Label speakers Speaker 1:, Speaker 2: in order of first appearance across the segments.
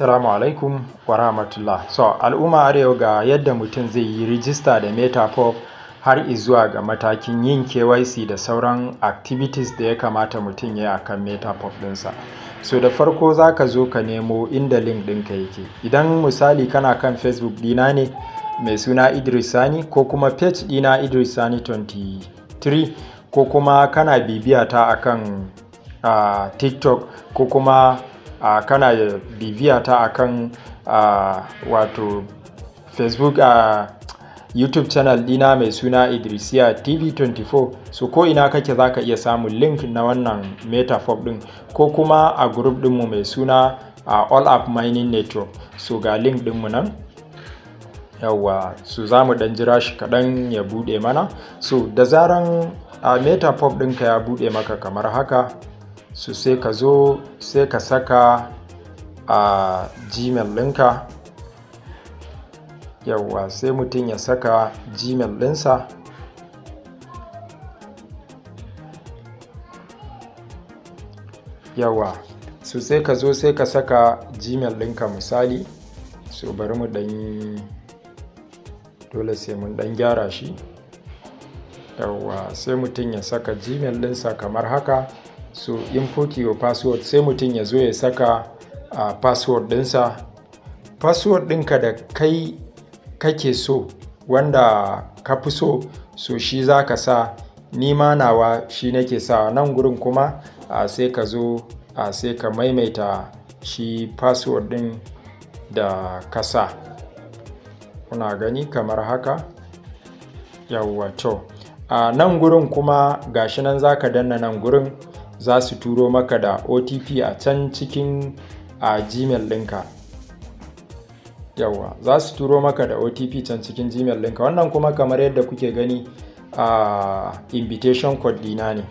Speaker 1: Assalamu alaikum wa rahmatullah. So, al'umma arewa ga yadda mutum zai yi rijista da Metapop har izuwa ga matakin yin KYC da sauran activities da ya kamata mutum ya yi akan Metapop dinsa So, da farko za ka zo ka nemo inda link ɗinka yake. Idan misali kana kan Facebook dina ne mai suna Idris Sani ko kuma page dina Idris Sani 23 ko kuma kana bibiya ta akan uh, ah, TikTok ko kuma uh, kana bibiya ta akan uh, wato facebook a youtube channel dina mai suna idrisiya tv24 su ko ina kake zaka iya samun link na wannan metafob din ko kuma a group dinmu mai suna a all up mining network so ga link dinmu nan yawa su za mu dan jira shi kaɗan ya buɗe mana so da zaran a uh, metapop ɗinka ya buɗe maka kamar haka su sai ka zo sai ka saka a gmail ɗinka yawwa sai mutum ya saka gmail ɗinsa yawa su sai ka zo sai ka saka gmail ɗinka misali so bari mu ɗan dole sai mun ɗan gyara shi yawa sai mutum ya saka gmail ɗinsa kamar haka so input your password sai mutum ya zo ya saka a password ɗinsa password ɗinka da kai kake so wanda ka fi so so shi za ka sa nima nawa shi nake sa nan gurin kuma sai ka zo sai ka maimaita shi password ɗin da ka sa kuna gani kamar haka yawwa a nan gurin kuma gashi nan za ka danna nan gurin za su turo maka da otp a can cikin a gmail ɗinka yawa za su turo maka da otp can cikin gmail ɗinka wannan kuma kamar yadda kuke gani a invitation code dina ne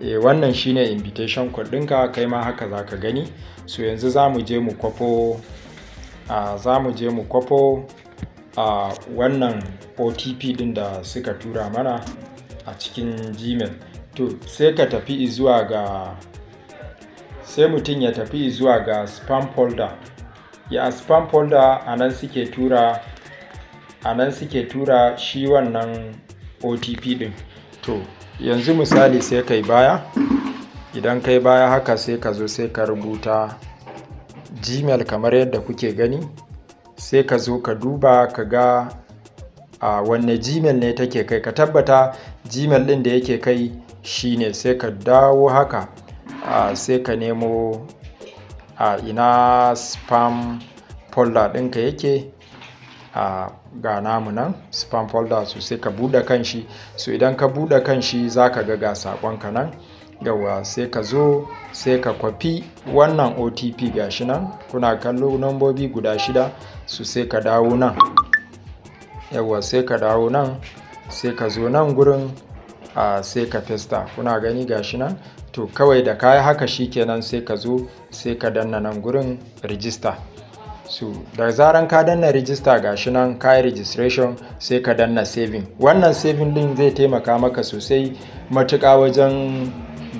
Speaker 1: e, wannan shine invitation code ɗinka kai ma haka za ka gani so yanzu za mu je mu kwafo za mu je mu kwafo a wannan otp ɗin da suka tura mana a cikin gmail to sai ka tafi zuwa ga sai mutum ya tafi zuwa ga spam folder ya spam folder a nan suke tura anan suke tura shi wannan otp din to yanzu misali sai kai baya idan kai baya haka sai ka zo sai ka rubuta gmail kamar yadda kuke gani sai ka zo ka duba ka ga a wanne gmail ne take kai ka tabbata gmail din da yake kai shine sai ka dawo haka sai ka nemo a ina spam folder ɗinka yake a ga namu nan spam folder su sai ka buɗe kan shi su idan ka buɗe kan shi za ka ga ga saƙonka nan yawa sai ka zo sai ka kwafi wannan otp shi nan kuna kallo nambobi guda shida su sai ka dawo nan yawa sai ka dawo nan sai ka zo nan gurin a sai ka festa kuna gani gashi nan to kawai da kayi haka shikenan sai ka zo sai ka danna nan gurin rijista so da zaran ka danna rijista gashi nan kayi registration sai ka danna saving wannan saving din zai taimaka maka sosai matuƙa wajen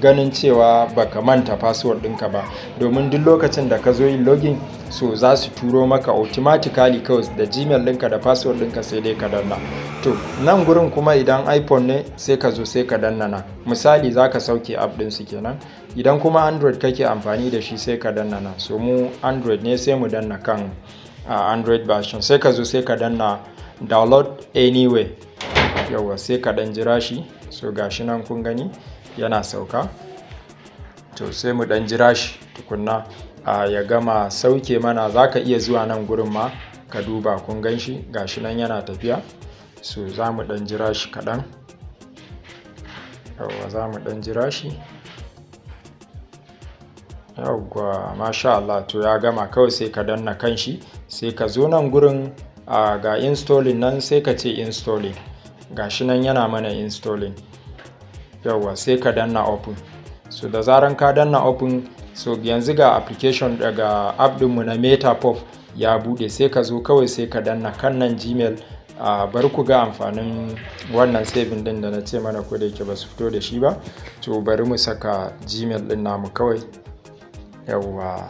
Speaker 1: ganin cewa baka manta password ɗinka ba domin duk lokacin da ka zo yin login so za su turo maka automatically kawai da gmail ɗinka da password ɗinka sai dai ka danna to nan gurin kuma idan iphone ne sai ka zo sai ka danna na misali za ka sauke app ɗin su kenan idan kuma android kake amfani da shi sai ka danna na so mu android ne sai mu danna kan uh, android version sai ka zo sai ka danna download anyway yawa sai ka dan jira shi so gashi nan kun gani yana sauka to sai mu ɗan jira shi tukunna a ya gama sauke mana zaka iya zuwa nan gurin ma ka duba kun gan shi gashi nan yana tafiya so za mu ɗan jira shi kaɗan yawwa za mu ɗan jira shi yawwa masha Allah to ya gama kawai sai ka danna kan shi sai ka zo nan gurin ga installing nan sai ka ce installing gashi nan yana mana installing yawwa sai ka danna open so da zaran ka danna open so yanzu ga application daga app mu na metapop ya bude sai ka zo kawai sai ka danna kan nan gmail a uh, bar ku ga amfanin wannan saving din da na ce mana ko da yake ba su fito da shi ba to bari mu saka gmail din namu kawai yawwa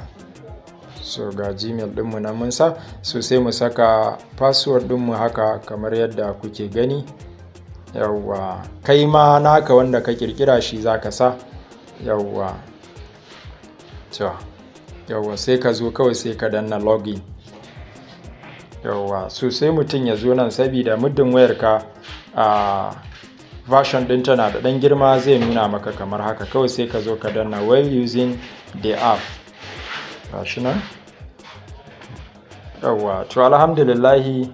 Speaker 1: so ga gmail mu na mun sa so sai mu saka password ɗinmu haka kamar yadda kuke gani yawwa kai ma naka wanda ka kirkira shi za ka sa yawwa yawwa sai ka zo kawai sai ka danna login yawwa su sai mutum ya zo nan sabida muddin wayarka a version din tana da dan girma zai nuna maka kamar haka kawai sai ka zo ka danna while using the app shi nan yawwa to alhamdulillahi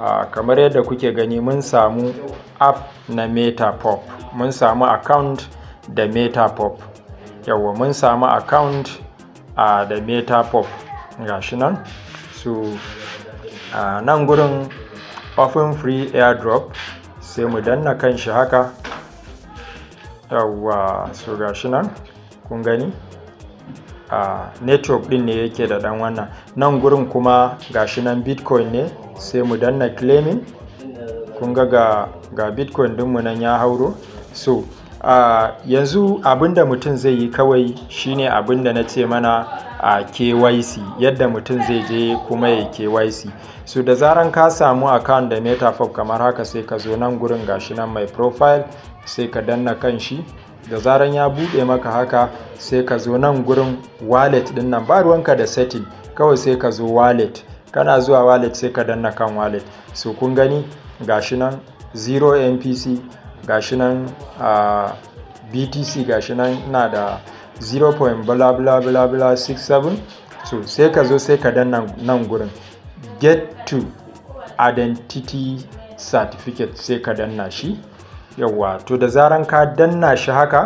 Speaker 1: a kamar yadda kuke gani mun samu app na metapop mun samu account da metapop yawwa mun samu account a da metapop gashi nan su nan gurin open free airdrop sai mu danna kan shi haka su ga gashi nan kun gani network din ne yake da dan wannan nan gurin kuma gashi nan bitcoin ne sai mu danna claiming kun ga ga bitcoin dinmu nan ya hauro so uh, yanzu abinda mutum zai yi kawai shine abinda na ce mana a uh, KYC yadda mutum zai je kuma ya KYC so da zaran ka samu account da metafog kamar haka sai ka zo nan gurin gashi nan mai profile sai ka danna kan shi da zaran ya buɗe maka haka sai ka zo nan gurin wallet din nan ba ruwanka da setting kawai sai ka zo wallet kana zuwa wallet sai ka danna kan wallet so kun gani gashi nan 0 mpc gashi nan uh, btc gashi nan na da 0. bla bla bla bla 67 so sai ka zo sai ka danna nan gurin get to identity certificate sai ka danna shi yawa to da zaran ka danna shi haka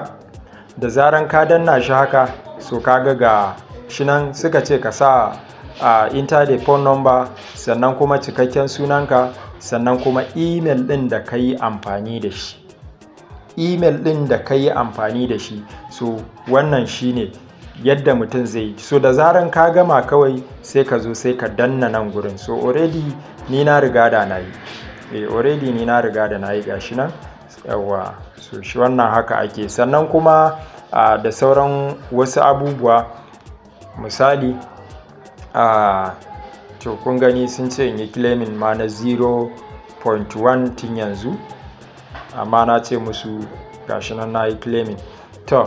Speaker 1: da zaran ka danna shi haka so kaga ga shi nan suka ce ka sa a inter da phone number sannan kuma cikakken sunanka sannan kuma email ɗin da ka yi amfani da shi email ɗin da ka yi amfani da shi so wannan shi ne yadda mutum zai so da zaran ka gama kawai sai ka zo sai ka danna nan gurin so already ni na riga da na yi eh already ni na riga da na yi gashi nan yawa so shi wannan haka ake sannan kuma da sauran wasu abubuwa misali to kun gani sun ce in yi claiming ma na 0.1 tun yanzu amma na ce musu gashi nan na yi claiming to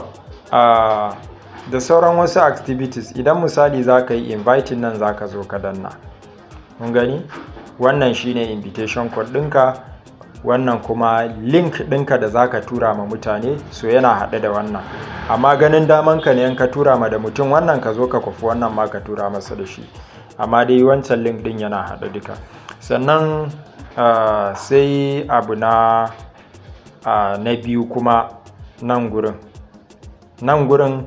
Speaker 1: da sauran wasu activities idan misali za ka yi inviting nan za ka zo ka danna kun gani wannan shine invitation code ɗinka wannan kuma link ɗinka da za ka tura ma mutane su yana haɗe da wannan amma ganin damanka ne ka tura ma da mutum wannan ka zo ka kwafi wannan ma ka tura masa da shi amma dai wancan link ɗin yana haɗe duka sannan ah, sai abu ah, na biyu kuma nan gurin nan gurin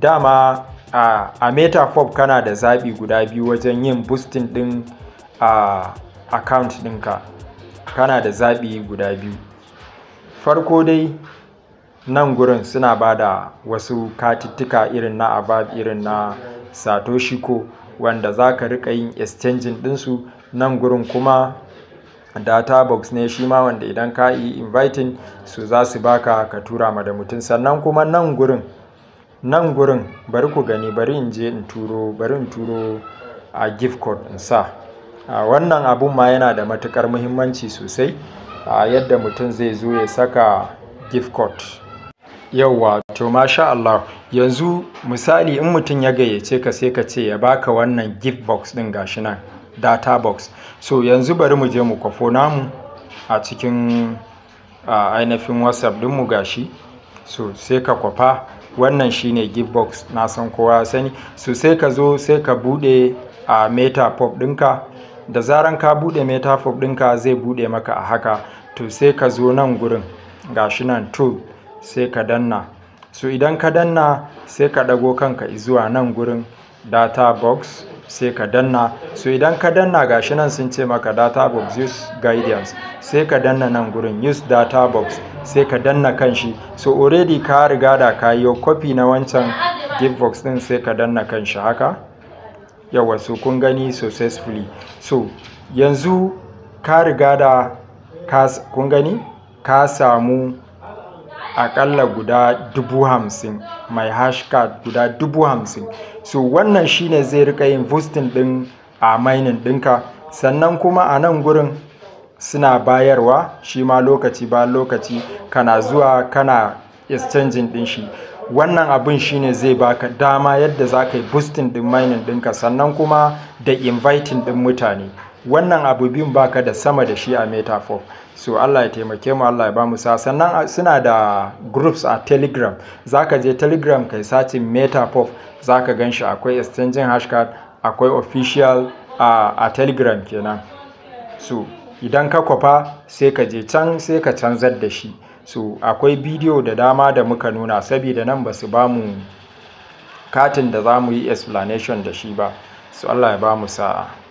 Speaker 1: dama uh, a metafob kana da zaɓi guda biyu wajen yin boosting ɗin account ɗinka kana da zaɓi guda biyu farko dai nan gurin suna ba da wasu katittika irin na abab irin na satoshi ko wanda za ka riƙa yin exchanging ɗinsu nan gurin kuma data box ne shi ma wanda idan ka yi inviting su za su baka ka tura ma da mutum sannan kuma nan gurin nan gurin bari ku gani bari in je in turo bari in turo a gift code in sa wannan abun ma yana da matuƙar muhimmanci sosai a yadda mutum zai zo ya saka gift card. Yauwa to masha Allah. Yanzu misali in mutum ya gayyace ka sai ka ce ya baka wannan gift box din gashi nan data box. So yanzu bari mu je mu kwafo namu a cikin ainihin WhatsApp mu gashi. So sai ka kwafa wannan shine gift box na san kowa ya sani. So sai ka zo sai ka bude a meta pop ɗinka da zaran ka bude metafop ɗinka zai bude maka a haka to sai ka zo nan gurin gashi nan to sai ka danna so idan ka danna sai ka ɗago kanka zuwa nan gurin data box sai ka danna so idan ka danna gashi nan sun ce maka data box use guidance sai ka danna nan gurin use data box sai ka danna kanshi so already ka riga da kayo copy na wancan box din sai ka danna kanshi haka yawa so kun gani successfully so yanzu ka riga da kun gani ka samu akalla guda dubu hamsin mai hashcard guda dubu hamsin so wannan shine zai rika yin boosting din a mining ɗinka sannan kuma a nan gurin suna bayarwa shi ma lokaci ba lokaci kana zuwa kana exchanging din shi wannan abin shine zai baka dama yadda za ka yi boosting din mining ɗinka sannan kuma da inviting din mutane wannan abu biyun baka da sama da shi a metafor so Allah ya taimake mu Allah ya ba mu sa sannan ah, suna da groups a telegram Za ka je telegram kai sacin metafor zaka gan shi akwai exchanging hashcard akwai official a, a telegram kenan so idan ka kwafa sai ka je can sai ka canzar da shi So akwai bidiyo da dama da muka nuna saboda nan ba su ba mu katin da za mu yi explanation da shi ba. su Allah ya ba mu sa'a.